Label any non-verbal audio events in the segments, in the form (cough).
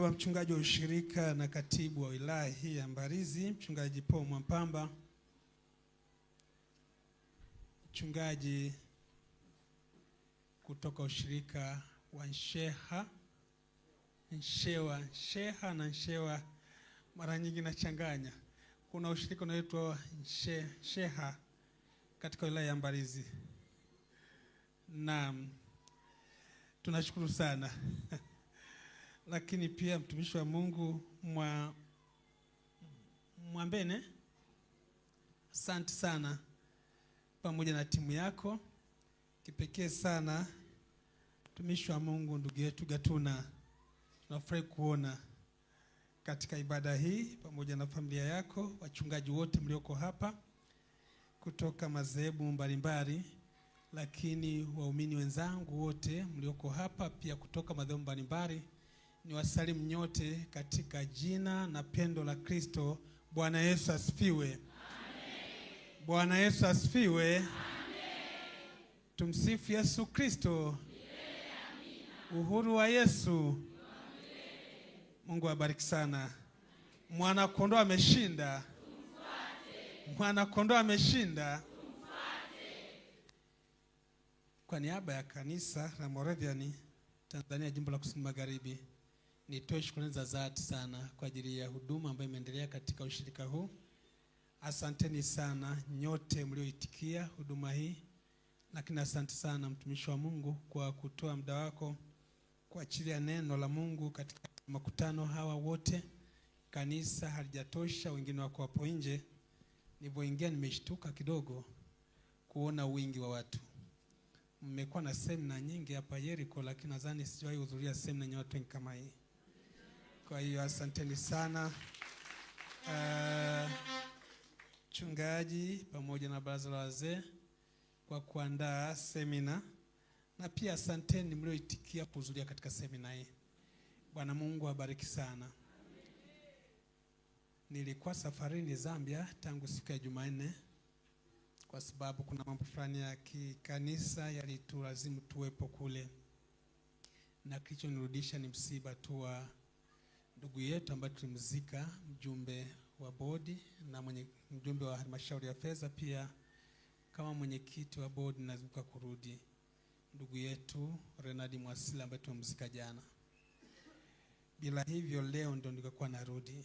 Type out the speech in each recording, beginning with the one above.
baba mchungaji wa ushirika na katibu wa wilaya hii ya Mbarizi, mchungaji Paul Mwampamba, mchungaji kutoka ushirika wa Nsheha Nshewa Nsheha na Nshewa, mara nyingi nachanganya. Kuna ushirika unaoitwa Nshe, Sheha katika wilaya ya Mbarizi. Naam, tunashukuru sana (laughs) lakini pia mtumishi wa Mungu mwa Mwambene, asante sana pamoja na timu yako. Kipekee sana mtumishi wa Mungu, ndugu yetu Gatuna, tunafurahi kuona katika ibada hii pamoja na familia yako, wachungaji wote mlioko hapa kutoka madhehebu mbalimbali, lakini waumini wenzangu wote mlioko hapa pia kutoka madhehebu mbalimbali. Ni wasalimu nyote katika jina na pendo la Kristo. Bwana Yesu asifiwe. Amen. Bwana Yesu asifiwe. Amen. Tumsifu Yesu Kristo. Uhuru wa Yesu. Amen. Mungu awabariki sana. Mwana kondoo ameshinda. Tumfuate. Mwana kondoo ameshinda. Kwa niaba ya kanisa la Moravian Tanzania jimbo la Kusini Magharibi Nitoe shukrani za dhati sana kwa ajili ya huduma ambayo imeendelea katika ushirika huu. Asanteni sana nyote mlioitikia huduma hii, lakini asante sana mtumishi wa Mungu kwa kutoa muda wako kwa ajili ya neno la Mungu katika makutano hawa wote. Kanisa halijatosha, wengine wako hapo nje. Nilipoingia nimeshtuka kidogo kuona wingi wa watu. Mmekuwa na semina nyingi hapa Yeriko, lakini nadhani sijawahi hudhuria semina yenye watu wengi kama hii. Kwa hiyo asanteni sana mchungaji ah, uh, pamoja na baraza la wazee kwa kuandaa semina na pia asanteni mlioitikia kuhudhuria katika semina hii. Bwana Mungu abariki sana. Nilikuwa safarini Zambia tangu siku ya Jumanne kwa sababu kuna mambo fulani ya kikanisa yalitulazimu tuwepo kule, na kilichonirudisha ni msiba tu wa ndugu yetu ambaye tulimzika, mjumbe wa bodi na mwenye mjumbe wa halmashauri ya fedha, pia kama mwenyekiti wa bodi nazuka kurudi ndugu yetu Renadi Mwasila ambaye tumemzika jana. Bila hivyo leo ndio nilikuwa narudi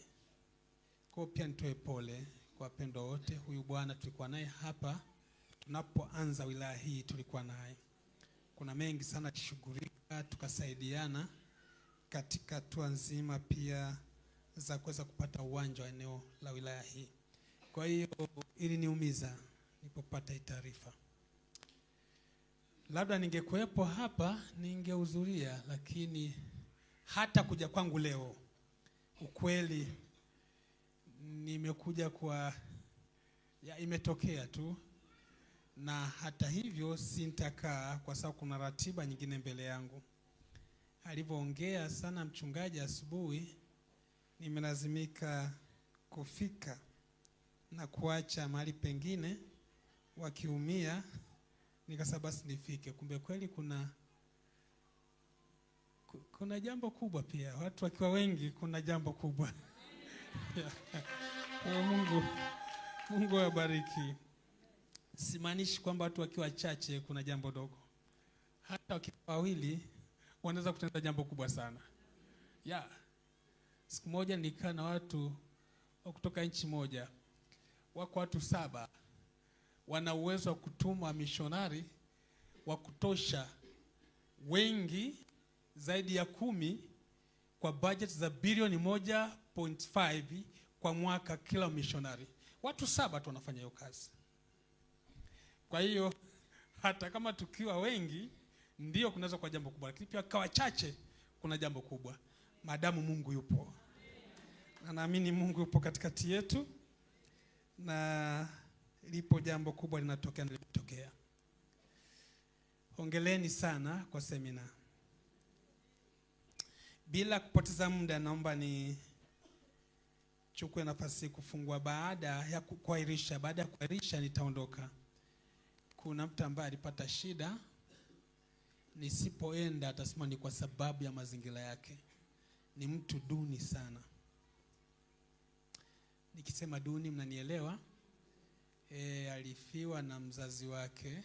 kwa, pia nitoe pole kwa wapendwa wote. Huyu bwana tulikuwa naye hapa tunapoanza wilaya hii, tulikuwa naye kuna mengi sana tushughulika, tukasaidiana katika hatua nzima pia za kuweza kupata uwanja wa eneo la wilaya hii. Kwa hiyo iliniumiza nilipopata hii taarifa. Labda ningekuwepo hapa ningehudhuria, lakini hata kuja kwangu leo, ukweli nimekuja kwa ya imetokea tu, na hata hivyo sintakaa kwa sababu kuna ratiba nyingine mbele yangu alivyoongea sana mchungaji asubuhi, nimelazimika kufika na kuacha mahali pengine wakiumia, nikasema basi nifike. Kumbe kweli kuna kuna jambo kubwa pia, watu wakiwa wengi, kuna jambo kubwa (laughs) Mungu Mungu awabariki. Simaanishi kwamba watu wakiwa wachache kuna jambo dogo, hata wakiwa wawili wanaweza kutenda jambo kubwa sana yeah. Siku moja nikaa na watu kutoka nchi moja, wako watu saba wana uwezo wa kutuma mishonari wa kutosha, wengi zaidi ya kumi kwa budget za bilioni moja kwa mwaka kila mishonari. Watu saba tu wanafanya hiyo kazi. Kwa hiyo hata kama tukiwa wengi ndio, kunaweza kuwa jambo kubwa, lakini pia kwa wachache kuna jambo kubwa, madamu Mungu yupo, na naamini Mungu yupo katikati yetu, na lipo jambo kubwa linatokea na limetokea. Hongereni sana kwa semina. Bila kupoteza muda, naomba ni chukue nafasi kufungua baada ya kuahirisha. Baada ya kuahirisha, nitaondoka. Kuna mtu ambaye alipata shida nisipoenda atasema ni kwa sababu ya mazingira yake. Ni mtu duni sana. Nikisema duni, mnanielewa? E, alifiwa na mzazi wake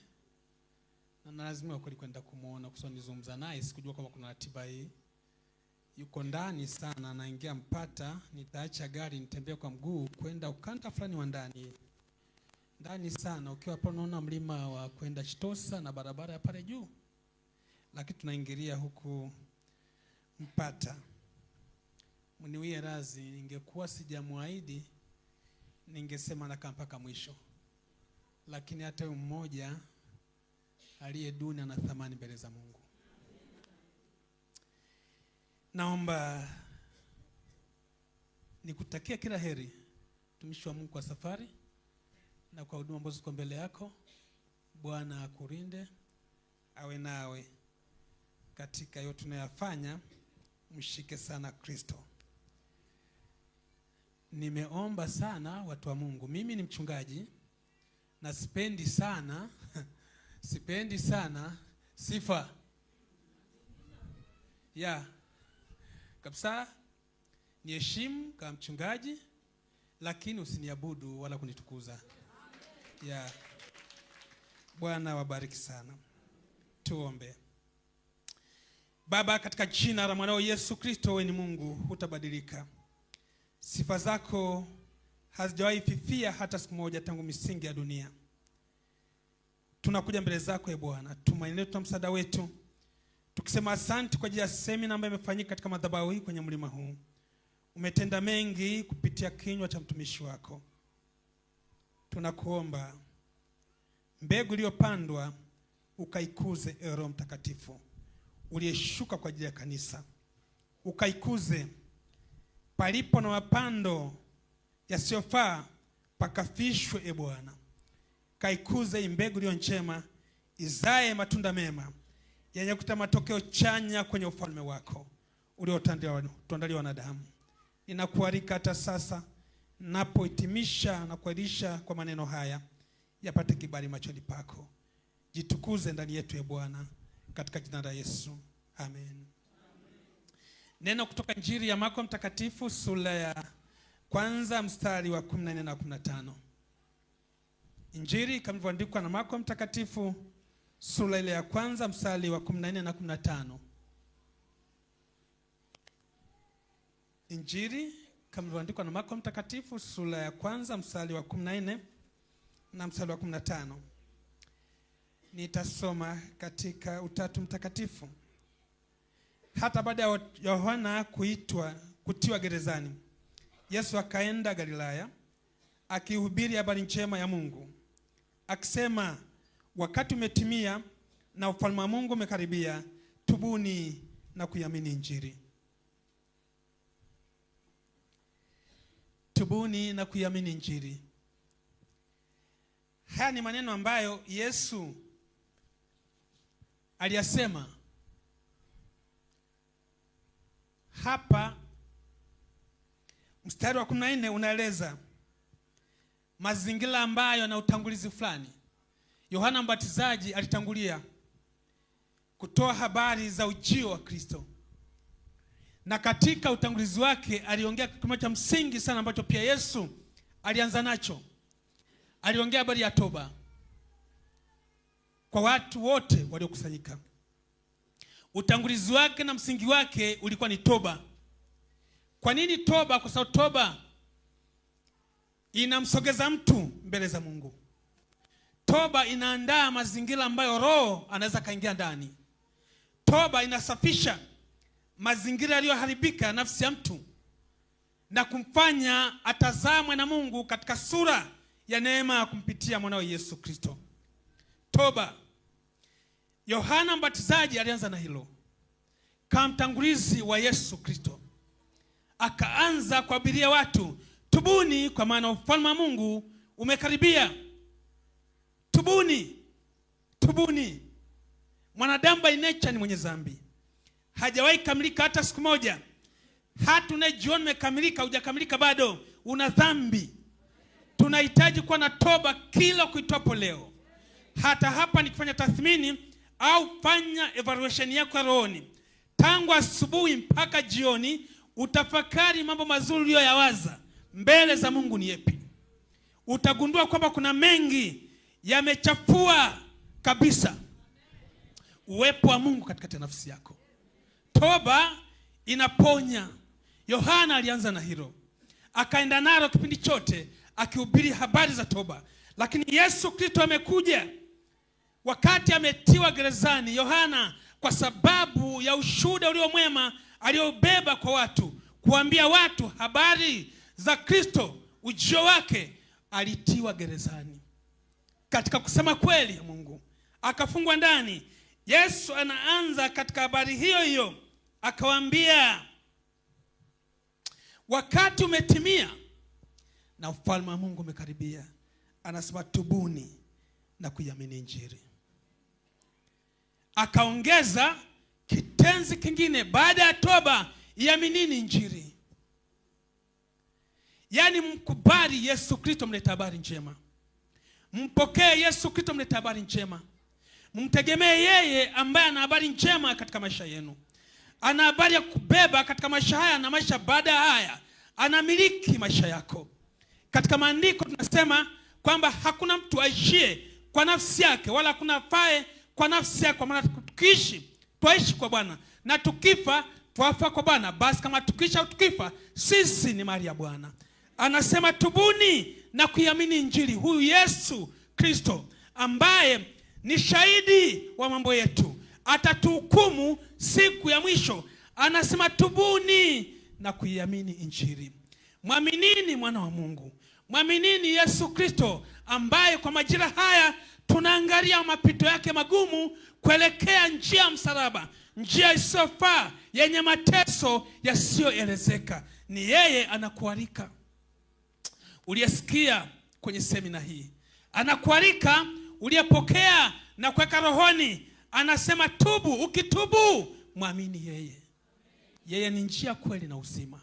na lazima kweli kwenda kumwona, kwa sababu nizungumza naye, sikujua kama kuna ratiba hii. Yuko ndani sana, anaingia Mpata, nitaacha gari nitembee kwa mguu kwenda ukanda fulani wa ndani ndani sana. Ukiwa hapo unaona mlima wa kwenda Chitosa na barabara ya pale juu lakini tunaingilia huku Mpata. Mniwie razi, ningekuwa sijamwahidi ningesema nakaa mpaka mwisho, lakini hata huyu mmoja aliye duni ana thamani mbele za Mungu. Naomba nikutakia kila heri mtumishi wa Mungu kwa safari na kwa huduma ambazo ziko mbele yako. Bwana akulinde, awe nawe katika yote tunayofanya, mshike sana Kristo. Nimeomba sana watu wa Mungu, mimi ni mchungaji na sipendi sana (laughs) sipendi sana sifa ya kabisa kabisa. Niheshimu kama mchungaji, lakini usiniabudu wala kunitukuza ya Bwana wabariki sana, tuombe. Baba, katika jina la mwanao Yesu Kristo, wewe ni Mungu, hutabadilika. Sifa zako hazijawahi fifia hata siku moja, tangu misingi ya dunia. Tunakuja mbele zako, e Bwana, tumaini letu na msaada wetu, tukisema asante kwa ajili ya semina ambayo imefanyika katika madhabahu hii kwenye mlima huu. Umetenda mengi kupitia kinywa cha mtumishi wako. Tunakuomba mbegu iliyopandwa ukaikuze, ee Roho Mtakatifu uliyeshuka kwa ajili ya kanisa, ukaikuze palipo na mapando yasiyofaa pakafishwe. E Bwana, kaikuze imbegu iliyo njema izae matunda mema yenye kuta matokeo chanya kwenye ufalme wako uliotuandalia wanadamu. Ninakualika hata sasa napohitimisha na kuahirisha kwa maneno haya, yapate kibali machoni pako, jitukuze ndani yetu, e Bwana katika jina la Yesu amen. Amen. Neno kutoka Injili ya Marko Mtakatifu sura ya kwanza mstari wa 14 na 15. Injili kama ilivyoandikwa na Marko Mtakatifu sura ile ya kwanza mstari wa 14 na 15. Injili kama ilivyoandikwa na Marko Mtakatifu sura ya kwanza mstari wa 14 na mstari wa 15 nitasoma katika Utatu Mtakatifu. Hata baada ya Yohana kuitwa kutiwa gerezani, Yesu akaenda Galilaya akihubiri habari njema ya Mungu akisema, wakati umetimia na ufalme wa Mungu umekaribia, tubuni na kuiamini Injili. Tubuni na kuiamini Injili. Haya ni maneno ambayo Yesu aliyasema hapa. Mstari wa kumi na nne unaeleza mazingira ambayo na utangulizi fulani. Yohana Mbatizaji alitangulia kutoa habari za ujio wa Kristo, na katika utangulizi wake aliongea kitu cha msingi sana ambacho pia Yesu alianza nacho. Aliongea habari ya toba kwa watu wote waliokusanyika. Utangulizi wake na msingi wake ulikuwa ni toba. Kwa nini toba? Kwa sababu toba inamsogeza mtu mbele za Mungu. Toba inaandaa mazingira ambayo roho anaweza kaingia ndani. Toba inasafisha mazingira yaliyoharibika nafsi ya mtu na kumfanya atazamwe na Mungu katika sura ya neema ya kumpitia mwanawe Yesu Kristo toba. Yohana Mbatizaji alianza na hilo kama mtangulizi wa Yesu Kristo, akaanza kuabiria watu tubuni, kwa maana ufalme wa Mungu umekaribia. Tubuni, tubuni. Mwanadamu by nature ni mwenye dhambi, hajawahi kamilika hata siku moja. Hata unayejiona umekamilika, hujakamilika bado, una dhambi. Tunahitaji kuwa na toba kila kuitwapo leo. Hata hapa nikifanya tathmini au fanya evaluation yako ya rohoni, tangu asubuhi mpaka jioni, utafakari mambo mazuri uliyoyawaza mbele za Mungu ni yepi. Utagundua kwamba kuna mengi yamechafua kabisa uwepo wa Mungu katikati ya nafsi yako. Toba inaponya. Yohana alianza na hilo, akaenda nalo kipindi chote akihubiri habari za toba, lakini Yesu Kristo amekuja wakati ametiwa gerezani, Yohana kwa sababu ya ushuhuda ulio mwema aliobeba kwa watu, kuambia watu habari za Kristo, ujio wake, alitiwa gerezani katika kusema kweli ya Mungu, akafungwa ndani. Yesu anaanza katika habari hiyo hiyo, akawaambia wakati umetimia na ufalme wa Mungu umekaribia. Anasema tubuni na kuiamini Injili akaongeza kitenzi kingine baada ya toba, iaminini Injili, yaani mkubali Yesu Kristo mleta habari njema, mpokee Yesu Kristo mleta habari njema, mtegemee yeye ambaye ana habari njema katika maisha yenu, ana habari ya kubeba katika maisha haya na maisha baada ya haya, anamiliki maisha yako. Katika maandiko tunasema kwamba hakuna mtu aishie kwa nafsi yake wala hakuna fae kwa nafsi yako, maana tukiishi twaishi kwa Bwana na tukifa twafa kwa Bwana. Basi kama tukiishi au tukifa, sisi ni mali ya Bwana. Anasema tubuni na kuiamini Injili, huyu Yesu Kristo ambaye ni shahidi wa mambo yetu, atatuhukumu siku ya mwisho. Anasema tubuni na kuiamini Injili. Mwaminini mwana wa Mungu, mwaminini Yesu Kristo ambaye kwa majira haya tunaangalia mapito yake magumu kuelekea njia ya msalaba, njia isiyofaa yenye mateso yasiyoelezeka. Ni yeye anakualika, uliyesikia kwenye semina hii, anakualika uliyepokea na kuweka rohoni. Anasema tubu, ukitubu mwamini yeye. Yeye ni njia, kweli na uzima.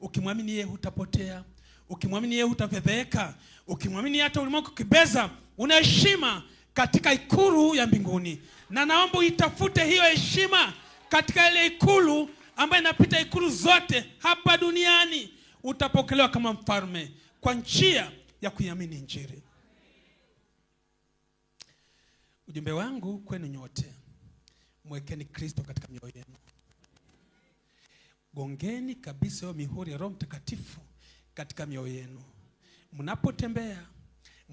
Ukimwamini yeye hutapotea, ukimwamini yeye hutafedheeka, ukimwamini hata ulimwengu kibeza una heshima katika ikulu ya mbinguni, na naomba uitafute hiyo heshima katika ile ikulu ambayo inapita ikulu zote hapa duniani. Utapokelewa kama mfalme kwa njia ya kuiamini Injili. Ujumbe wangu kwenu nyote, mwekeni Kristo katika mioyo yenu. Gongeni kabisa hiyo mihuri ya Roho Mtakatifu katika mioyo yenu mnapotembea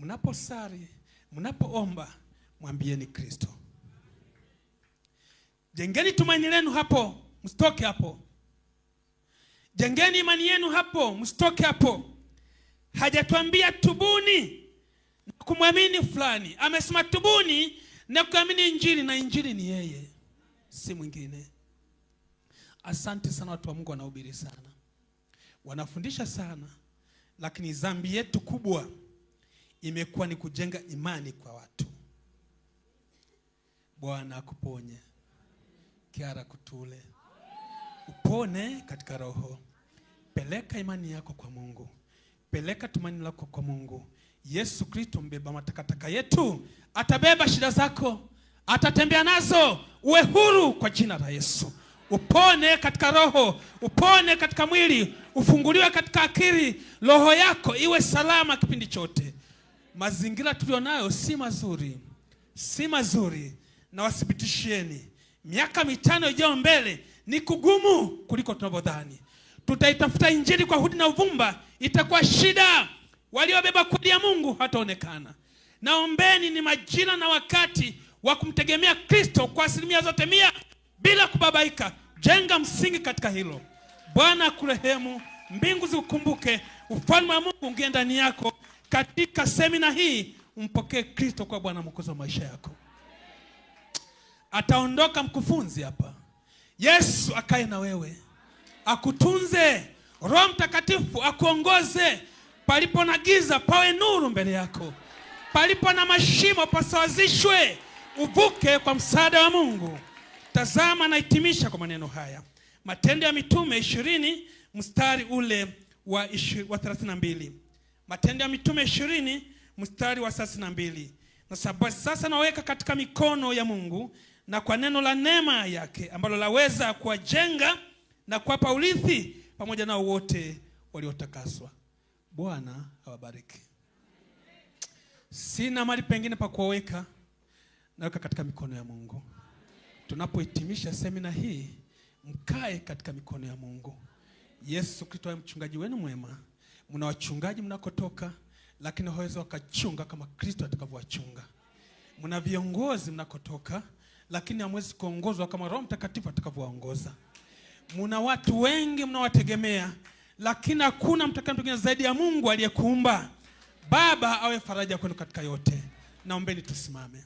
mnaposari mnapoomba mwambieni Kristo. Jengeni tumaini lenu hapo, msitoke hapo. Jengeni imani yenu hapo, msitoke hapo. Hajatuambia tubuni na kumwamini fulani, amesema tubuni na kuamini Injili, na Injili ni yeye, si mwingine. Asante sana, watu wa Mungu wanahubiri sana, wanafundisha sana, lakini dhambi yetu kubwa imekuwa ni kujenga imani kwa watu. Bwana akuponye kiara kutule, upone katika roho. Peleka imani yako kwa Mungu, peleka tumaini lako kwa Mungu. Yesu Kristo mbeba matakataka yetu atabeba shida zako, atatembea nazo. Uwe huru kwa jina la Yesu. Upone katika roho, upone katika mwili, ufunguliwe katika akili. Roho yako iwe salama kipindi chote mazingira tulionayo si mazuri, si mazuri. Na miaka mitano ijayo mbele ni kugumu kuliko tunavyodhani. Tutaitafuta injili kwa hudi na uvumba, itakuwa shida. Waliobeba kweli ya Mungu hataonekana. Naombeni, ni majira na wakati wa kumtegemea Kristo kwa asilimia zote mia bila kubabaika. Jenga msingi katika hilo. Bwana akurehemu, mbingu zikukumbuke, ufalme wa Mungu ungie ndani yako katika semina hii, mpokee Kristo kwa Bwana mwokozi wa maisha yako. Ataondoka mkufunzi hapa, Yesu akae na wewe, akutunze. Roho Mtakatifu akuongoze. Palipo na giza pawe nuru mbele yako, palipo na mashimo pasawazishwe, uvuke kwa msaada wa Mungu. Tazama, nahitimisha kwa maneno haya, Matendo ya Mitume ishirini mstari ule wa 32 Matendo ya Mitume ishirini mstari wa thelathini na mbili na sasa naweka katika mikono ya Mungu na kwa neno la neema yake ambalo laweza kuwajenga na kuwapa urithi pamoja nao wote waliotakaswa. Bwana awabariki. Sina mali pengine pa kuwaweka, naweka katika mikono ya Mungu. Tunapohitimisha semina hii, mkae katika mikono ya Mungu. Yesu Kristo mchungaji wenu mwema mna wachungaji mnakotoka, lakini hawawezi wakachunga kama Kristo atakavyowachunga. Mna viongozi mnakotoka, lakini hamwezi kuongozwa kama Roho Mtakatifu atakavyowaongoza. Muna watu wengi mnawategemea, lakini hakuna mtakaye zaidi ya Mungu aliyekuumba. Baba awe faraja kwenu katika yote. Naombeni tusimame.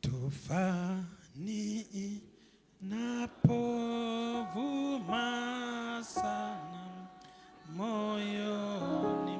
Tufani Na povo massa, na moyo ni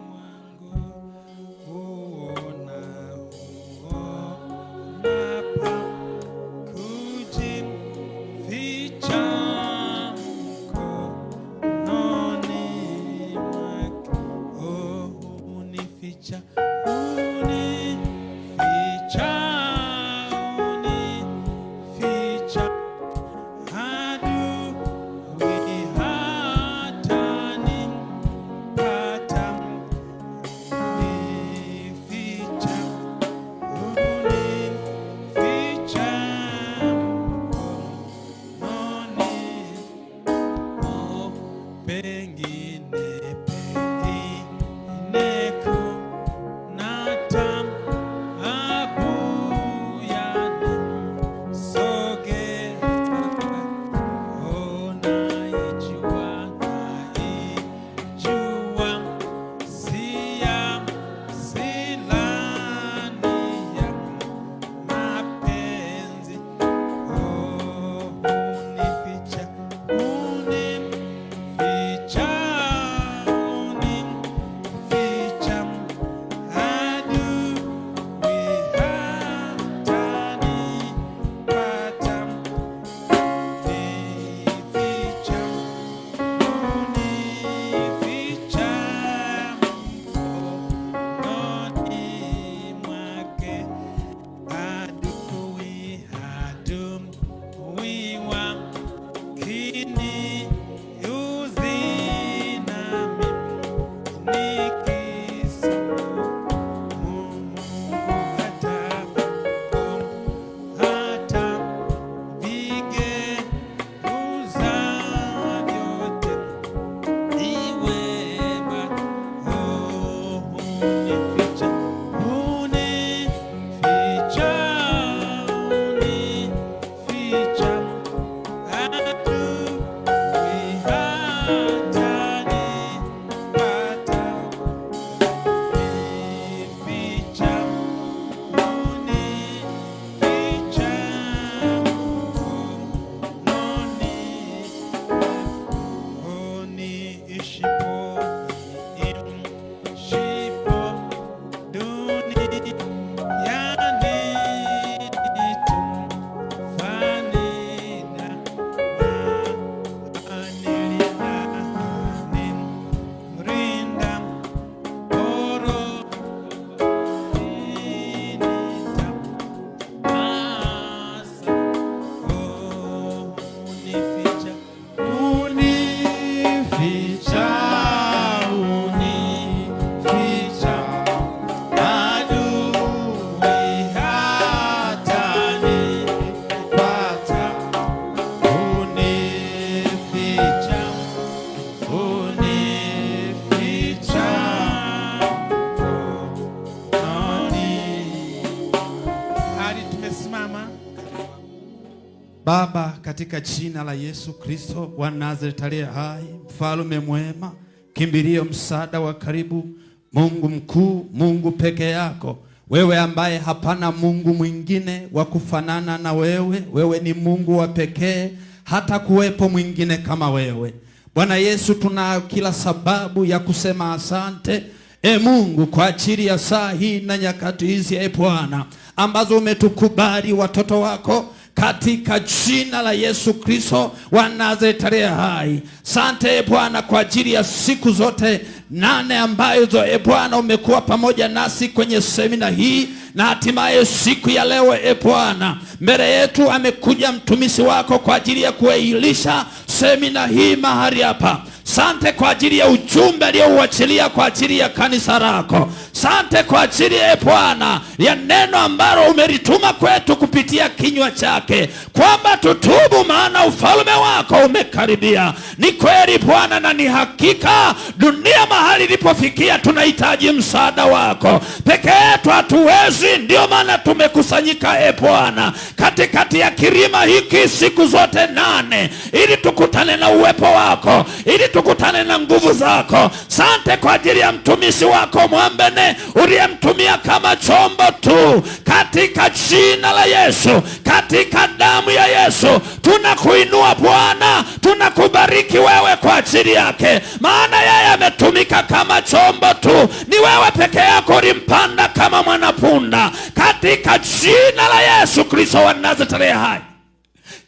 katika jina la Yesu Kristo wa Nazareti aliye hai, mfalme mwema, kimbilio, msaada wa karibu, Mungu mkuu, Mungu peke yako wewe ambaye hapana Mungu mwingine wa kufanana na wewe. Wewe ni Mungu wa pekee, hata kuwepo mwingine kama wewe. Bwana Yesu, tuna kila sababu ya kusema asante, e Mungu, kwa ajili ya saa hii na nyakati hizi, e Bwana, ambazo umetukubali watoto wako katika jina la Yesu Kristo wa Nazareti aliye hai. Sante e Bwana kwa ajili ya siku zote nane ambazo e Bwana umekuwa pamoja nasi kwenye semina hii na hatimaye siku ya leo e Bwana, mbele yetu amekuja mtumishi wako kwa ajili ya kuahilisha semina hii mahali hapa. Sante kwa ajili ya ujumbe aliyouachilia kwa ajili ya kanisa lako. Sante kwa ajili ya Bwana ya neno ambalo umelituma kwetu kupitia kinywa chake kwamba tutubu, maana ufalme wako umekaribia. Ni kweli Bwana, na ni hakika dunia mahali ilipofikia, tunahitaji msaada wako Pek yetu hatuwezi. Ndio maana tumekusanyika, e Bwana, katikati ya kilima hiki siku zote nane, ili tukutane na uwepo wako, ili tukutane na nguvu zako. Sante kwa ajili ya mtumishi wako Mwambene uliyemtumia kama chombo tu, katika jina la Yesu, katika damu ya Yesu tunakuinua Bwana, tunakubariki wewe kwa ajili yake, maana yeye ametumika kama chombo tu. Ni wewe peke yako ulimpanda kama kama mwanapunda katika jina la Yesu Kristo wa Nazareti hai.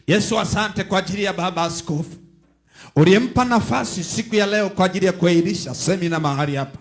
Yesu, asante kwa ajili ya baba askofu uliyempa nafasi siku ya leo kwa ajili ya kuahirisha semina mahali hapa.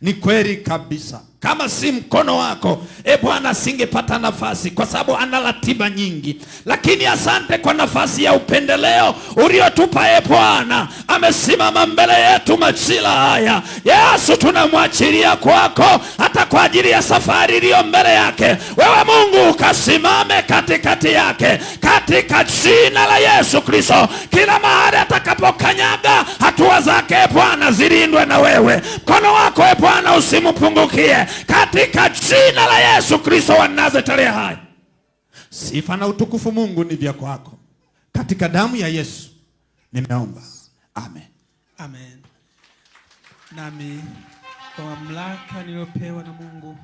Ni kweli kabisa kama si mkono wako, e Bwana, singepata nafasi, kwa sababu ana ratiba nyingi. Lakini asante kwa nafasi ya upendeleo uliotupa, e Bwana. Amesimama mbele yetu machila haya, Yesu, tunamwachilia kwako, hata kwa ajili ya safari iliyo mbele yake. Wewe Mungu ukasimame katikati yake, katika jina la Yesu Kristo. Kila mahali atakapokanyaga, hatua zake e Bwana zilindwe na wewe, mkono wako e Bwana usimpungukie katika jina la Yesu Kristo wa Nazareti aliye hai. Sifa na utukufu Mungu ni vya kwako, katika damu ya Yesu nimeomba, amen. Amen. Nami kwa mamlaka niliyopewa na Mungu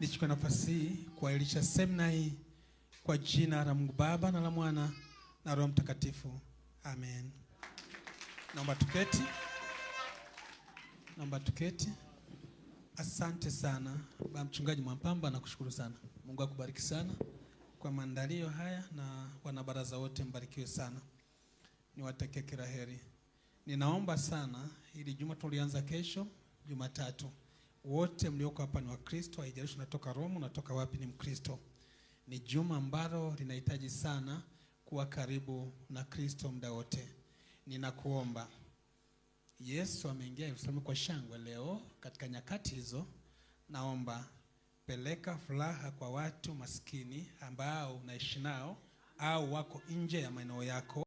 nichukue nafasi hii kuahirisha semina hii kwa jina la Mungu Baba na la Mwana na Roho Mtakatifu, amen. Naomba tuketi, naomba tuketi. Asante sana ba mchungaji Mwampamba, nakushukuru sana. Mungu akubariki sana kwa maandalio haya, na wanabaraza wote mbarikiwe sana, niwatakie kila heri. Ninaomba sana ili juma tulianza kesho Jumatatu, wote mlioko hapa ni Wakristo, haijalishi unatoka Roma, unatoka wapi, ni Mkristo. Ni juma ambalo linahitaji sana kuwa karibu na Kristo muda wote. Ninakuomba Yesu ameingia Yerusalemu kwa shangwe leo. Katika nyakati hizo, naomba peleka furaha kwa watu maskini ambao unaishi nao au wako nje ya maeneo yako.